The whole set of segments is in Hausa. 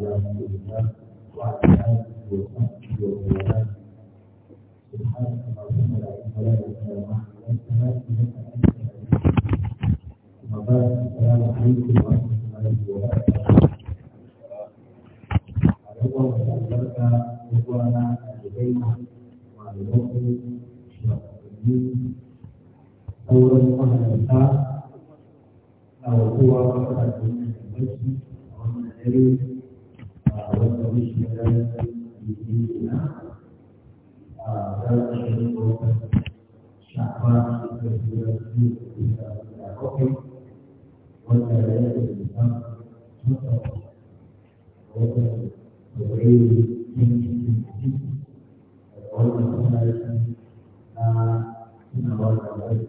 幺五三八。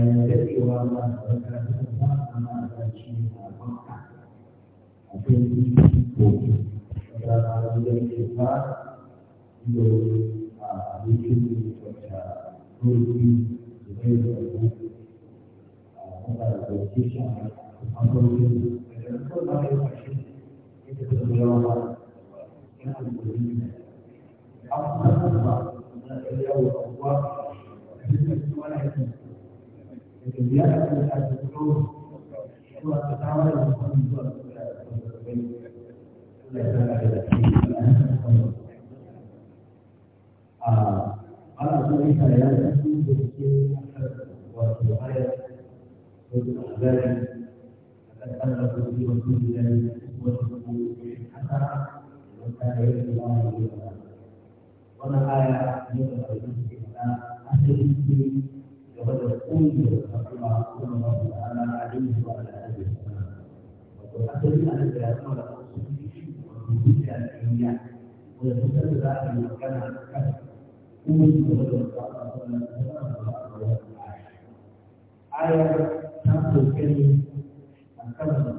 bayan daɗewa ba a baka duka ba a ma a shi a baka akwai ko da wajen ke ba da a abincin wata da da a kuma da shi a da ɗan kuma ya ta ba yana da ɗauke ba لكن زيادة من هذا الفلوس هو التساهل المهم هو قال أبو عيسى لا يكون بالسن أكثر والرواية والأعلام فقد أدرك في رسول الله أسوته حسنة وكان يدعو الله ومن آية يدعو الله أهل توجد رسول صلى الله تعالى عليه وعلى اله وسلم وتعتمد على الكلام على وجودها الايمانيه ويتسلل ذلك من كان على الكسب ومن رسول الله صلى الله عليه وسلم آية تنقل كلمة أكمل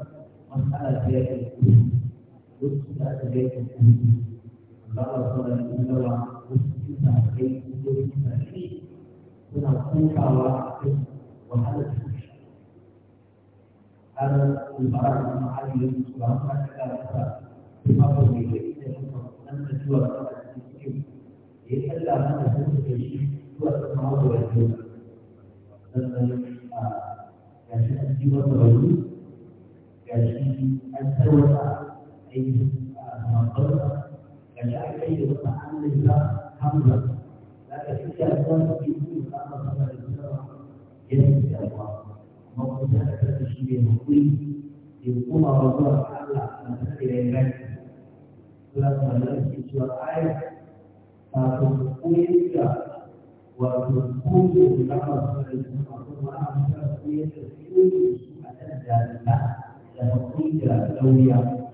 مسألة بيت الكتب وسألة بيت الكتب قال رسول الله صلى الله عليه وسلم suna kokawa a kan wahalar tushe har albarar da ma'aji ya su ba ma ta kara ta kuma ba mai da ita ya kuma nan da zuwa ta da cikin ya yi kalla mana sun da shi zuwa ta kuma wata wani sannan ga shi an ji wata wani ga shi an tarwata ainihin mabarsa ga shi an kai da wata an lissa hamza za ka fi shi a kan يسجد الله موقف هذا التشبيه المقوي يقوم موضوع على مسألة العباد سورة التي سورة آية فتقويك وتقوم بأمر سورة الأمر تقويك في ذلك لتقويك الأولياء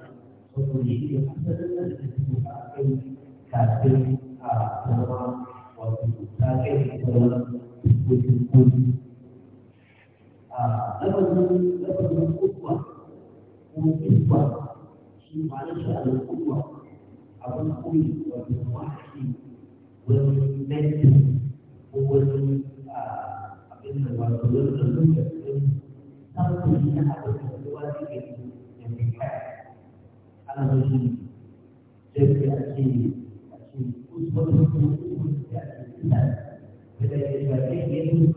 وتريد حسنة لتسمع أي كاتب سلام وتساكن سلام وتقول lafazin lafazin kuwa ko kuwa shi ma na shi a kuwa abin koyi wato wahayi wani mentin ko wani abin da wato wani lalunta ɗin samun shi na abin da kowa zai gani da mai kai ana zo shi sai sai a ce a ce kusa wani kuma da ake kisa da da ya shafi yanzu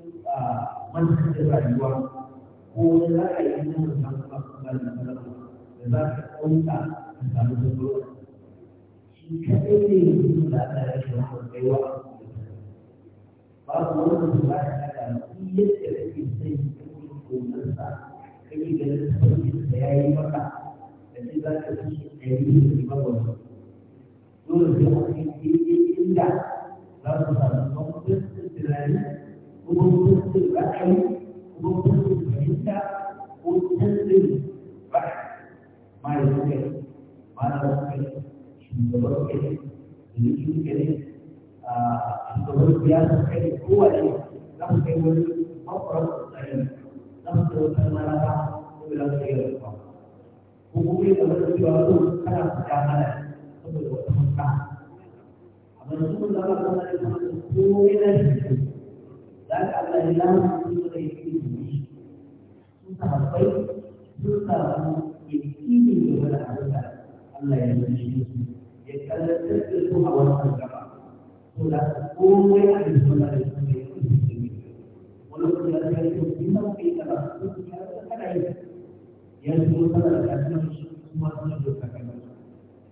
manhajar rayuwa ko wani za na yi nan da samu ba da za ka ɗauka ka samu zuwa shi kaɗai ne yanzu da aka rage wa ba babu wani da ba ya kada shi yadda ke sai kake gonarsa kake ka yi da ya yi maka da shi za ka ci ɗari da babu dole sai wani inda za ku samu mafitar tunani وبالصدق الوحي وبالصدق الحسة والصدق الوحي ما يذكر ما يذكر شنو يذكر اللي يمكن الضرورة يذكر هو اللي يذكر مفرد الصحيح نفسه كما لها ولا غير Hukumnya kalau itu baru karena perjalanan sebelum bertemu. Abang itu dalam mengenai hukumnya dari ذلك الذي لا نقول يكفيه sahabbai sun yi yakini game da abinda Allah ya yi ya kallatar da su a wannan gaba to da komai a cikin wannan da suka yi kuma su wani ya ce to in ba yi kaza ko ku kada yi ya ce ko da kafin su kuma su yi doka kan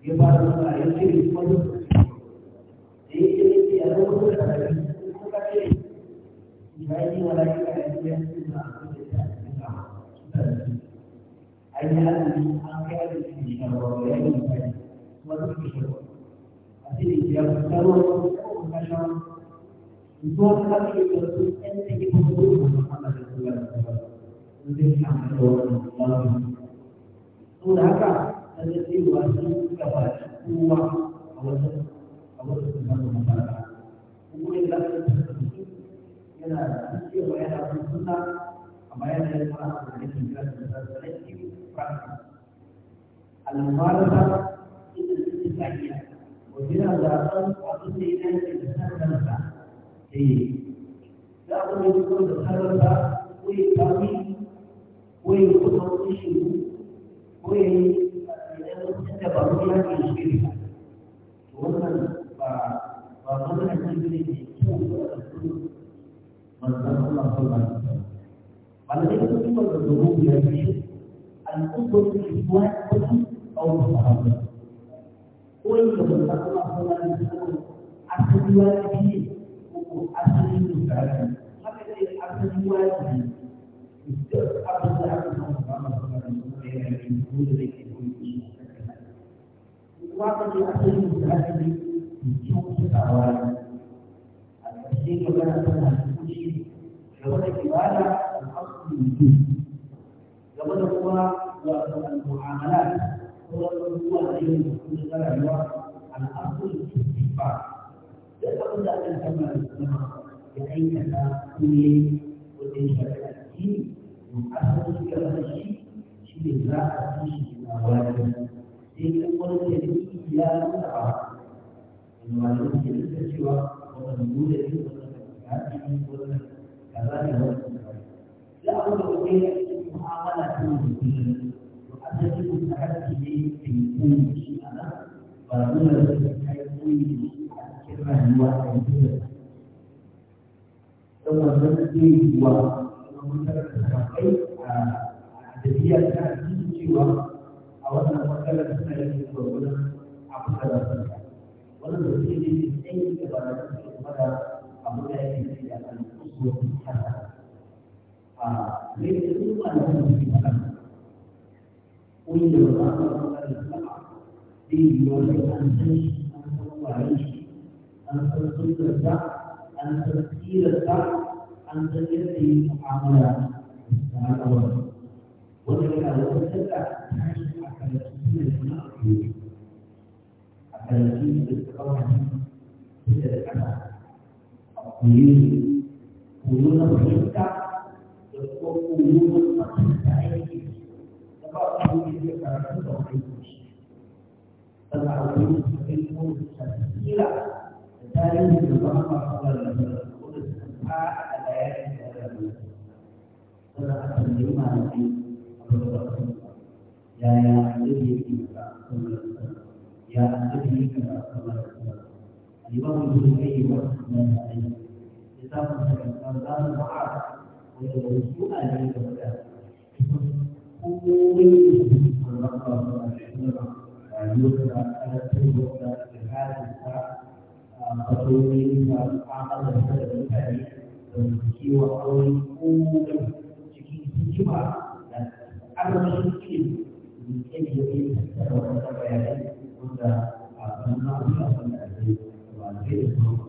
ya fara sana ya ce ko su da yake ya zama da 我来医院医院市场这些菜市场，菜市而且他开的店，我每一分钱我都记着，我记着。啊，这一节，我再问，你说他是个一天一天不同的，他们就是说，我就想说，我都难干，但是你有本事要把啊，或者或么什么我们一旦。yana da cewa yana da suna amma yana yin wani abu da yake kira da zazzalaki practice al-mubarakah ita ce tsariya wajen zaɓen abin da yana eh, da sanarsa da yi za a kuma yi kuma da sanarsa ko yi kami ko yi kuma wani shiru ko yi idan ba mu yi ke shiri wannan ba ba mun da kan ne Maksudnya itu cuma berhubung dia itu Al-Qudur dibuat pergi Tahu bersahabat Poin kebentuk Allah itu Aku dua lagi Aku asli itu berada Maka dia aku dua lagi Itu aku dua lagi Aku dua lagi Aku dua lagi Aku dua lagi Aku dua lagi Aku dua lagi Aku dua lagi Aku dua lagi Aku dua lagi Aku dua lagi game da ibada da asalin game da kuma wato al-mu'amala sauran abubuwa da yin mutum da rayuwa al-asalin istifa duk abin da aka kama da kuma ya aikata kulle wajen shafi addini asalin game da shi shi ne za a ci shi na wani sai kuma da ya nuna ba wanda wani da ke cewa wani nuna ne wani da ya ce wani كذلك لا أستطيع محاولة به وأتجد التحدي في كل أنا وأقول حيث الكلمة هو حيث ثم نفسي هو ومثلا التحقيق عددية كانت جوا أو أن مثلا التحقيق وأقول أبو كذا ولا نفسي في أي كبار kepada Abu Dhabi 啊，没有多万人民币，我有拿到那个卡，你有没有安生？安生晚一，安生孙子家，安生妻子家，安生弟弟阿妹啊，拿到了。我这个我现在还是阿开的亲戚那里，阿开的亲戚高兴，现在看到，好，你。guna berhikap untuk guna mencintai sebab aku tidak akan berhubung tentang aku ingin menghubungkan sila dari beberapa masalah yang berhubung tentang ada yang berhubung tentang penerima nanti berhubung yang yang lebih tinggal kemudian yang lebih tinggal kemudian Ibu mungkin ibu masih ada littafin sa manzan ma'a wanda da su a ne da wanda komai da su manzan ma'a da shi ba rayuwar da ana taimakon da da kare ta matsaloli da amalar da mutane da kiwo aure komai cikin hikima da arzikin ilimi da ke da ke tattara wata bayanai wanda a sannan a wani abin da ake ba zai da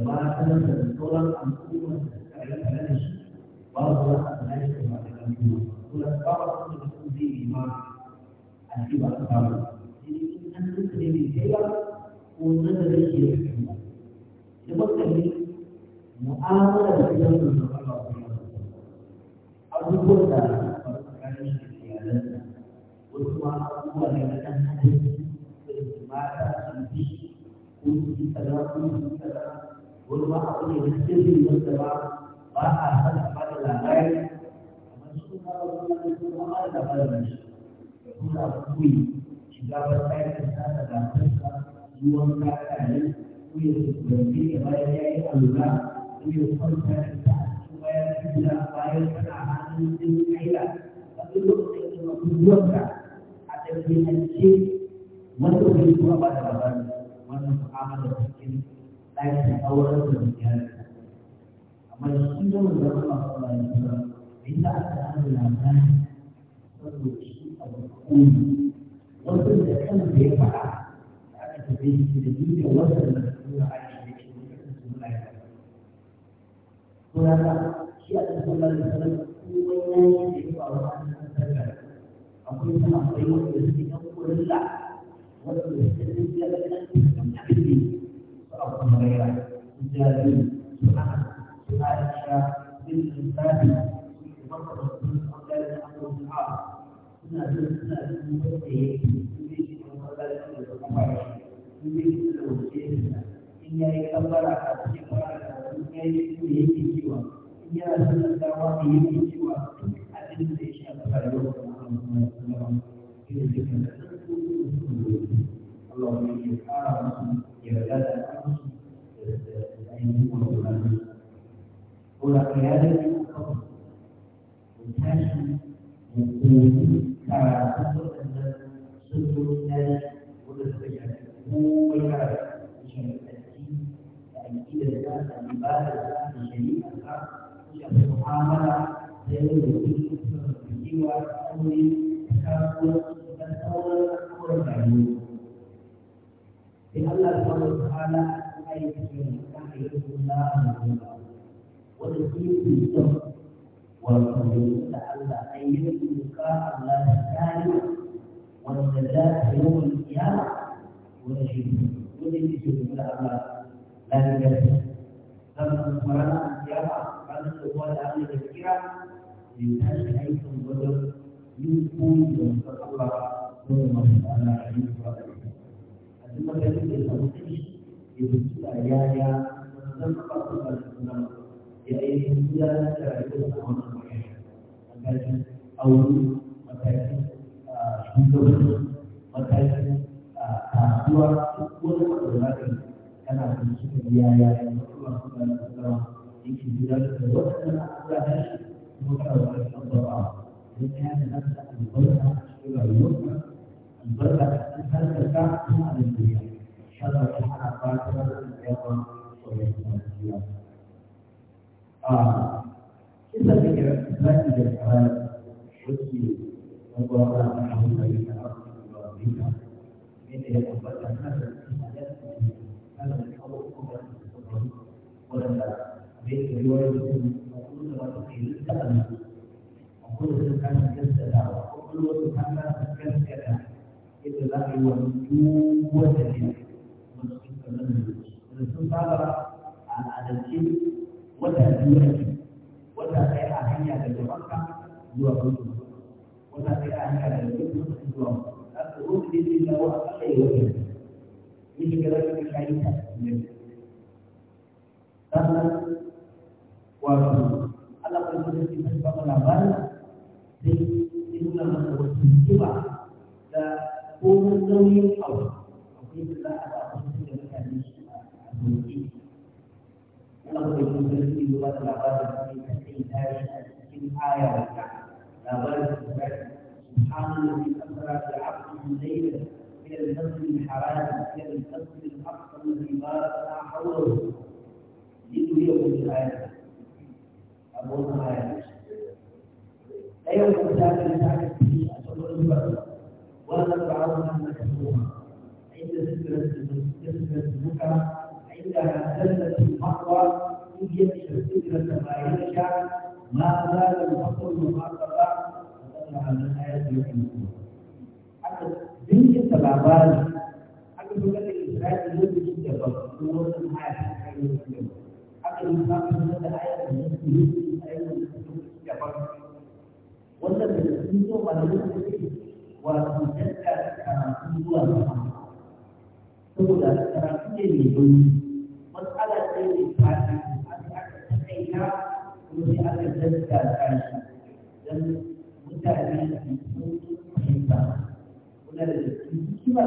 لما أنت الدولار عن كل من تتعلم عن شيء برضو أن عايش مع الأمور ولا بعض تكون دي مع الحبة أكثر إن أنت تكلم الحبة ونزل الشيء الحبة لبقى مؤامرة بحبة من الله أبو كوتا فرقان شكيالات وسوى أبوه لأن أنت ما تأتي به كنت سلام كنت سلام wani ma abu ne na sirri wanda ba ba a san a labari amma su ma ba su ma su ma ba da labarin shi ya kuma abu kuyi shiga ba tsayin sa da lantarka ruwan kakanin ko ya ya bayan ya yi alura ko ya kwanta da ta ko bayan kila bayan tana hannun sun kaila a duk lokacin da mutuwarka a tafiyance wanda bai kuma ba da labarin wannan mu'amala cikin ainihin auren da iyali amma shi da wanda ba a fara yi ba inda aka hana labari saboda shi a koyi wasu da kan da ya faɗa aka tafi shi da duniya wasu da suna aiki da shi da kan suna yi ko ya ka shi a cikin sallar da sallar kowa ya yi da yawa wa hannun sallar akwai sama akwai wanda suke ɗan kurilla wanda suke ɗan kurilla da ɗan kurilla أبو هريرة جابر سعد عائشة بن ثابت بكر بن عبد الله بن عاص سنة سنة بن yi da والقيادة والحاكم والقوة تعالى يعني أن سلوك الناس والتفجير هو العالم عشان التأكيد تأكيد الناس العبادة الشريعة المعاملة بين الوجود والأمر التكافؤ والتطور والتعليم لأن الله سبحانه وتعالى لا يكفي أن يكون الله ودخول في الصبر والقبول لعل أن يملك الله تعالى والنجاة يوم القيامة ونجد والذي يجب على لا يجب لما أمرنا القيامة كان هو الأمر الكبيرة لله حيث البدر يكون يوفق الله ثم تعالى عليه وسلم أتمنى أن يكون يبدو أياها وتذكر الله yang ini dia secara itu sama namanya. Makanya awal, makanya hidup, makanya dua pun berlari karena bisnis biaya yang berkurang dalam ini tidak terbuat dan ada semua orang yang berdoa. Ini yang dengan satu berkat juga yang berkat kita serta Tuhan yang berkat. Shalawatul Anfal. Terima kasih. 啊，现在这个三级的台湾实际中国呢，他们的影响这个影响，因为我们讲那是产业的问题，但是超过后面不同，或者呢，没有因为我们这个体制下的，或者是他们跟着的，或者是他们跟着的，一直让我们多过这些，我们可能是是发了啊，那些。Wadah dua lagi. Wadah terakhirnya ada dua maka, dua puluh. Wadah terakhirnya ada dua puluh, dua puluh. Ruh di sini jawa, apa yang wadah? Ini segera kita kaitan. Karena, wadah. Allah berkata kita sebab menambah, di sini nama sebuah sejiwa, dan pun menemui Allah. Ini adalah apa-apa yang kita kaitan. Ini أخذ المسلمين لغة العبادة في تسعين آية تسعين آية والكعبة لا بارك سبحان الذي أسرى بعبده ليلا إلى الحرام إلى المسجد الذي باركنا حوله لنريه الآية أبونا آية لا يوجد ذلك ساعة في أشهر البر ولا فرعون أنك عند ذكر تذكرة المكة عندها جنة المأوى وجدت الفكرة بعيدك ما زال البصر مخاطبا وقطع من آية الحكمة حتى بنت العباد حتى بلد الإسرائيل يدرك الجبل هو الحاج حتى الإنسان من هذا آية المسلمين أيضا الجبل ولا تنسوا ولا تنسوا وتنسى كما تنسوا saboda karatu ne mai nauyi tattara shi don mutane su sun fahimta kuna da cikin hikima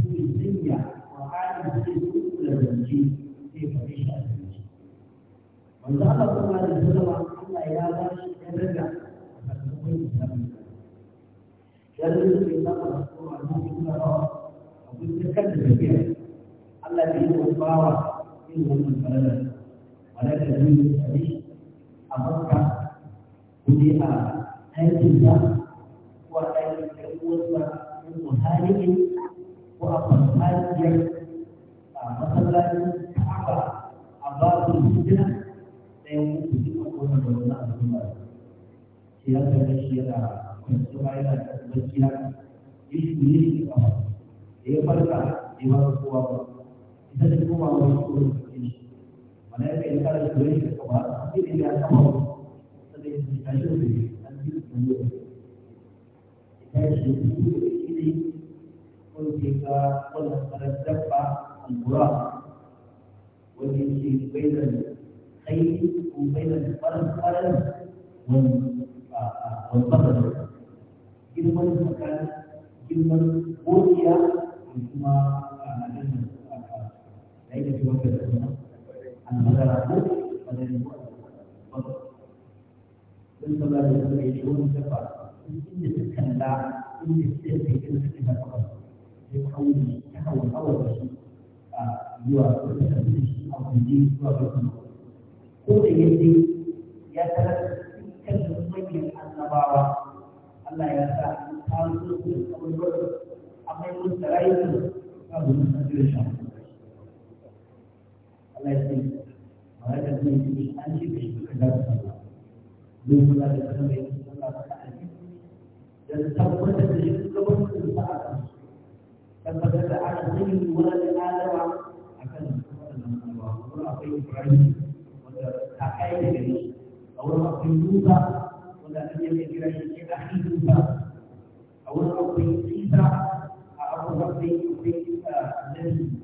su ne sanya wa halin zai zuku da zance zai faɗi shi a zance wanda aka kuma da zama Allah ya ba shi ɗan raga a sakamakon musamman yanzu da ke zama da kuma a cikin rawa a kusa kan da tafiya Allah ya yi wa bawa yin wannan falalar ولكن من الحديث a makka ko a aikin sa ko a aikin ɗan uwansa ko muhalikin ko a farfajiyar a masallacin ka'aba a babin hijira ɗayan mutu a kona da wani abu al'umma sai ya ga shi yana kwanciya yana da kwanciya ya shi ne shi kama da ya farka ya ba kowa ba idan kuma wani kuma mana yang kita ah, ada beri kepada nanti dia akan mau sedikit saja beri nanti mundur. Kita sudah beri ini pun kita pun ada siapa mengurang. Wajib sih bayar kayu, bayar parang-parang, mun mun parang. Gimana makan, gimana bodiah, cuma anak-anak. Saya juga tidak magana ko a da ne sun sallah da suka yi shi wani tafa inda su kalla inda su da kai kan suka na kawai sai kawai ta kawai kawai da shi a zuwa suka kalli shi a kwanji zuwa bakin ko da yadda ya tarar dukkanin annabawa Allah ya sa ta zo da kawai amma mun tsara yi su ba mu san لا يستنكر وهذا من الشأن بشكل لا يستنكر من صلاة الخميس صلاة الحديث لأن تقوت الجسد قبل أن تعرف ثبت على سيد ولد آدم أكن ولا في إبراهيم ولا تحايل جريش أو في موسى ولا أن يبي جريش أخي موسى أو في عيسى أو في في النبي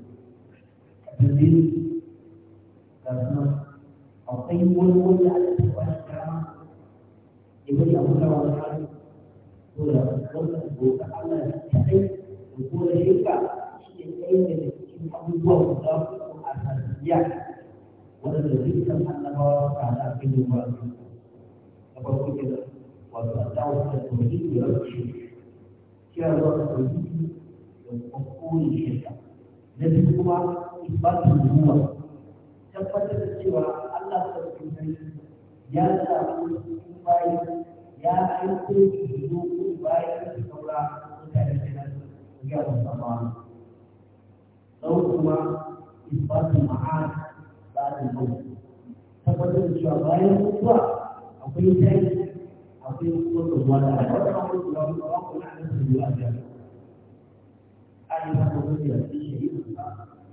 domin ga suna akwai wani wanda aka taɓa shi kama ya bari a wuta wani hali da wanda gobe Allah ya kaɗai da ko da shirka shi ne ɗaya daga cikin abubuwa guda uku a tarbiyya waɗanda dukkan annabawa suka haɗa kai da ba su da farko ke da wato a dawo da tauhidi da kuma na biyu kuma isbatul nubuwa tabbatar da cewa Allah ta cikin ya samu bayan ya aiko zo bayan su saura mutane da nan ga musamman sau kuma isbatul ma'ad ba'dul maut tabbatar da cewa bayan mutuwa akwai tayi akwai kuma zuwa da wannan abubuwa da kuma kuma da su yi a jami'a ai ba ko da shi ne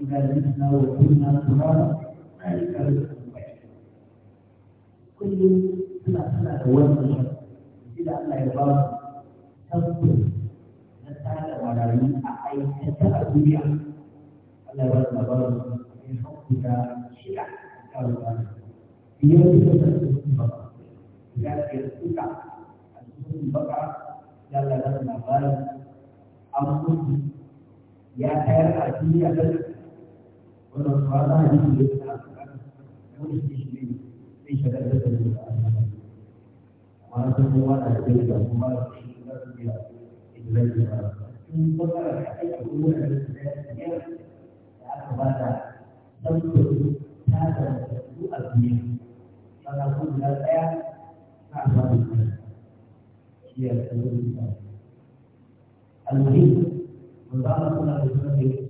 إذا متنا وكنا ترابا ذلك رزق كل سنة سنة وزن إلى أن لا يضاف تصبر نتعلم على من أحيث الدنيا ألا يرد برد من حبك شرع قالوا أنا بيوم تسلسل بقرة لذلك يستطيع أن تكون بقرة لا لا لا لا أمر يا خير أتي أبدا والنصارى يجب أن يستجيب في شهادة الأسلام وأنا أقول أنا أدرك وما أشهد إلا الله إن ظهر حقيقة أمور الإسلامية أخبار تذكر هذا الموضوع الدنيا فنقول لك أعظم الناس هي المهم وقال صلى الله عليه وسلم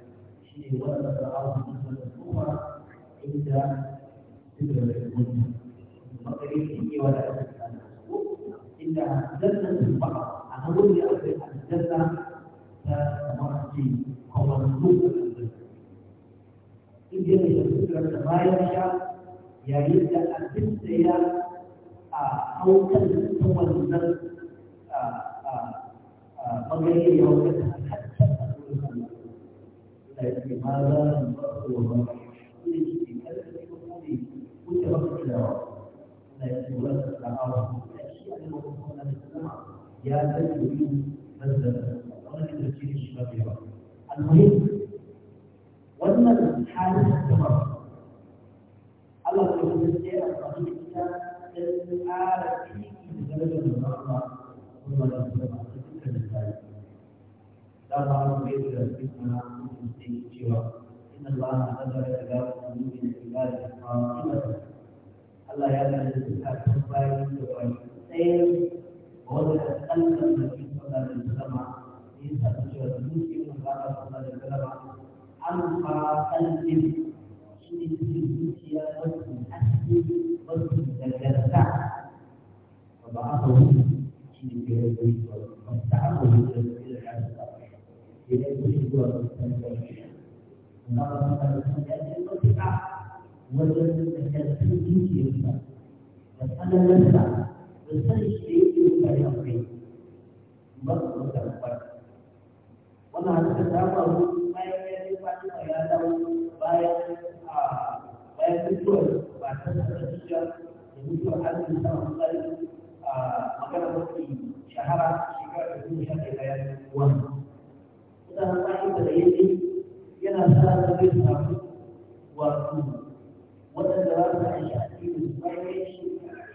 شيء ولد العرب مثل الكوفة عند ذكر المدة فقريبه ولا إلا جنة البقر أنا ولي أقول عن الجنة فمرتي ومنزوب إن جنة فكرة ما يخشى يريد أن تستيى آه، أو تنسوا النفس طبيعية يوم لكن هذا مفهوم في ألف أمور كتبت له لكن لا تتعارض الأشياء المفهومة للسمع يا تجد نزل ولكن تفسير الشباب المهم وأن الحادث استمر الله يقول الشيء الصحيح الآن في درجة الأرض ثم لا تعلم بيت ربكما من سوى إن الله نظر إلى قلوب العباد قائمة الله يعلم الحكم باين وعين ووضعت قلب النبي صلى الله عليه وسلم في سبيل المسلم قال صلى الله عليه وسلم أنقى قلب شيء يا رب أسلم رب دجلتا وبعثه شيء يا رب واستعمله إليه هو الله سبحانه وتعالى يرفع وزن التسليم يرفع مسألة نفسها بسن الشيء يرفع يرفع مرة تنفع وما تتابعه ما يرفع خياله bayan mutuwar ba ta tsara jiya da mutuwar hannun sama tsari a magana mafi shahara shekara da kuma sha ɗaya bayan wannan sannan aikin da yake yana sa da zai samu wato waɗanda za su aiki a cikin bayan shi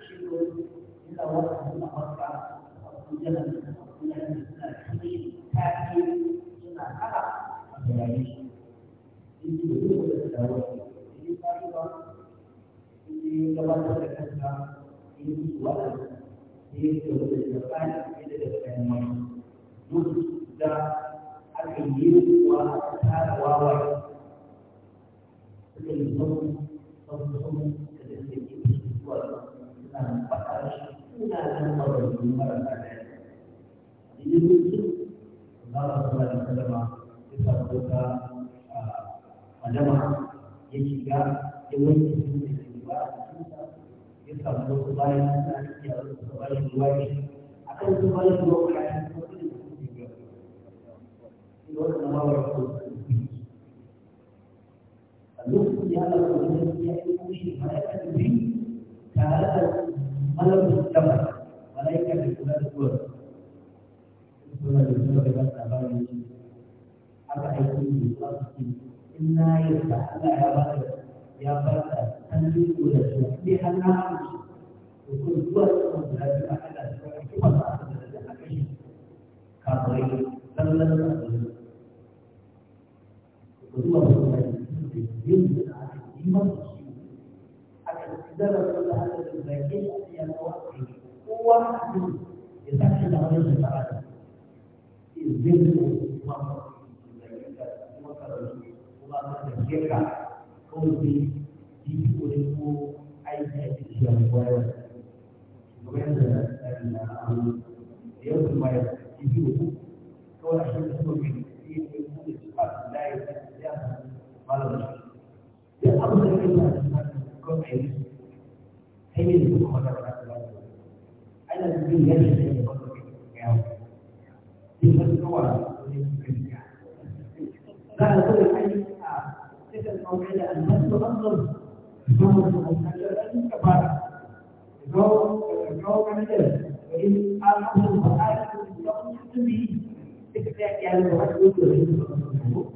shi ko yana wata suna maka a kujan da suna cikin kaki suna haka a bayan shi in ji da duk wata da wata in ji tsari ba in ji gabatar da kanka in ji wa'azi in ji da wata da tsari in ji da wata da mutu da aka yi kuwa aka tara wawaye yi zama zama zama da da suke yi zuwa suna faɗa shi suna nan mabarci da daɗi a cikin su za a zuwa da kalama ya sa doka madama ya shiga ya wanke su da ke ba a cikinsa ya samu wasu bayan suna cikin yawon su bayan ruwa ne akan su bayan ruwa kayan وأنا هو الوقت في هذا الوقت يأتي به ملائكة به كهذا ملك الجبل ملائكة في كل الكون كل الكون في هذا الأبان حتى يكون في الأرض إنا يفتح على عبادة يا فرد تنزل كل شيء بأنها أمشي وكل دول تنزل بأحد أسرع كما تعتقد أن أكشف كافرين بل لن أقول kedua berkaitan dengan iman akan tidak berkaitan dengan sebagian yang wajib uang itu kita tidak boleh sekarang izin uang mereka kodi di kuriku aisy yang kuat kemudian dan dia bermain di buku kalau ada sesuatu yang dia tidak dapat قالوا يا أبو سعيد كم حيث حيث المخرج أنا الذي يجب أن يكون في المسؤول بعد كل حديث تلك الموعدة أن تنظر بصورة مستقبلا كفارة جو جو كمدر وإن أخذ الفقائد من يوم يحتمي تكتاك على الوحيد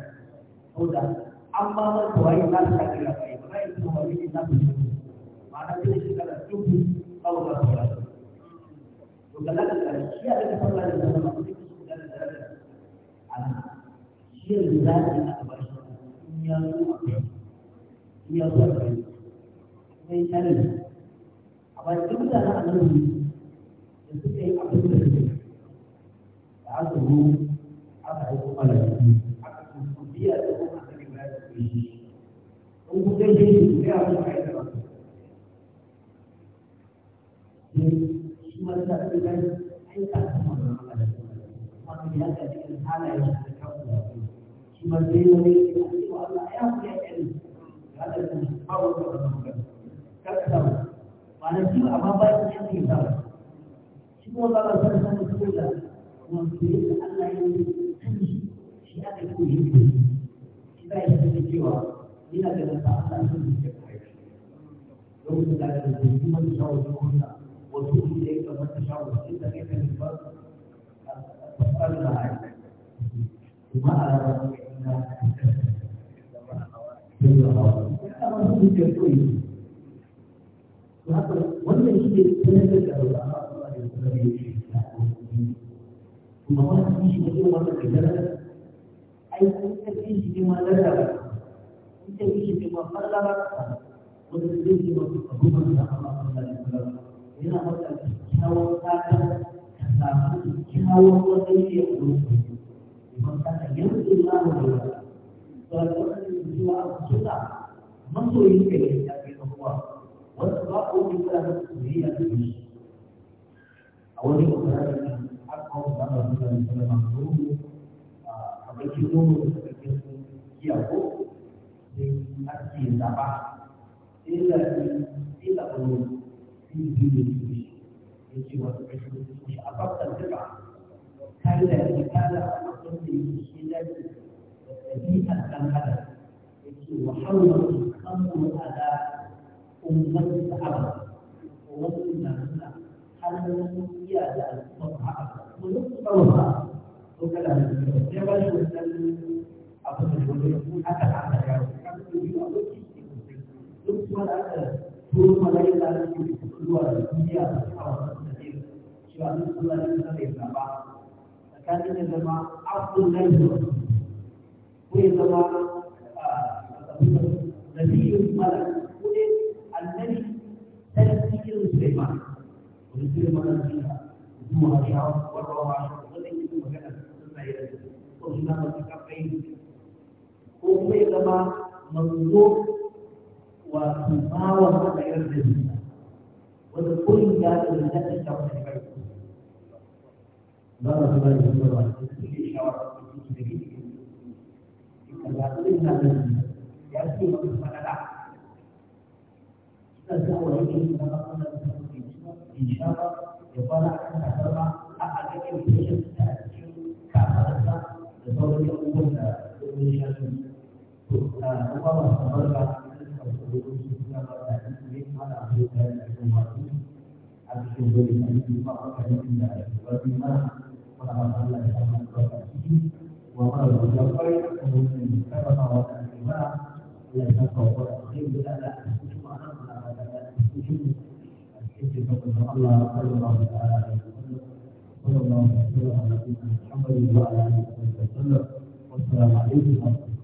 Sudah. Allah berkuaikan lagi lagi. Maka itu hari kita berjumpa. Maka itu kita berjumpa. Allah berkuaikan. Bukanlah kita. Ia ada yang sama dengan Allah. Itu sudah ada. Anak. Ia juga tidak berjumpa. Ia Ia berjumpa. Ia berjumpa. Apa itu kita nak menunggu? Itu yang aku berjumpa. Tak tahu. Apa itu pada Aku berjumpa. Dia itu in ku dai dai ya ba shi ma da ta ta kuma da cikin halaye da kawo shi ma dai wani ya ce Allah ya ya ya da ba ba ba ba shi kuma ba ba san san ko da ya Allah ya yi kan shi shi shi ba ya cewa ina ganin ba a san su ke kai lokacin da aka zai yi wani shawarar kuma wasu su ne ga wata shawarar su da kai kan ba a tsari da haka kuma a ranar da ina wannan shi ne sanar da rawa a kuma wannan shi ne wannan da ai kun tafi shi ma da ini semua adalah untuk diri untuk kebun Allah Subhanahu Wa Taala. Ina hendak kita katakan kata kita orang ini yang berusaha. Maksudnya yang tidak berusaha. Kalau orang ini juga berusaha, mampu ini kerja kita semua. Walau apa pun kita harus beri yang terbaik. Awal ini berada di akal dan berada di dalam rumah. Apa itu? Apa itu? Ia أكثر سبعة إلا إلا قلوب في دين يجي مش أفضل البدعة كلا في أقصد في بيئة الهدف يجي وحول خمر هذا أمة العرب ووصلنا هنا هل زيادة تضعها ونصفها وكلام يبدو أن أبو الهدف حتى عندك biyu a da aka turo malaika da ke zuwa da duniya da zama ko ya zama zama موضوع وتفاوض غير الرزق والكل هذا من هذا الشعور الحبيب لا رجل يقول في شعور في الله يتبادلنا من يأتي وقت العقل تسأل عليه كما قال إن شاء الله يقال أن أسرع أحد يمكن أن الله. كافرة لصوت يقول إن شاء الله وعلى اله وصحبه وسلم والسلام عليكم ورحمه الله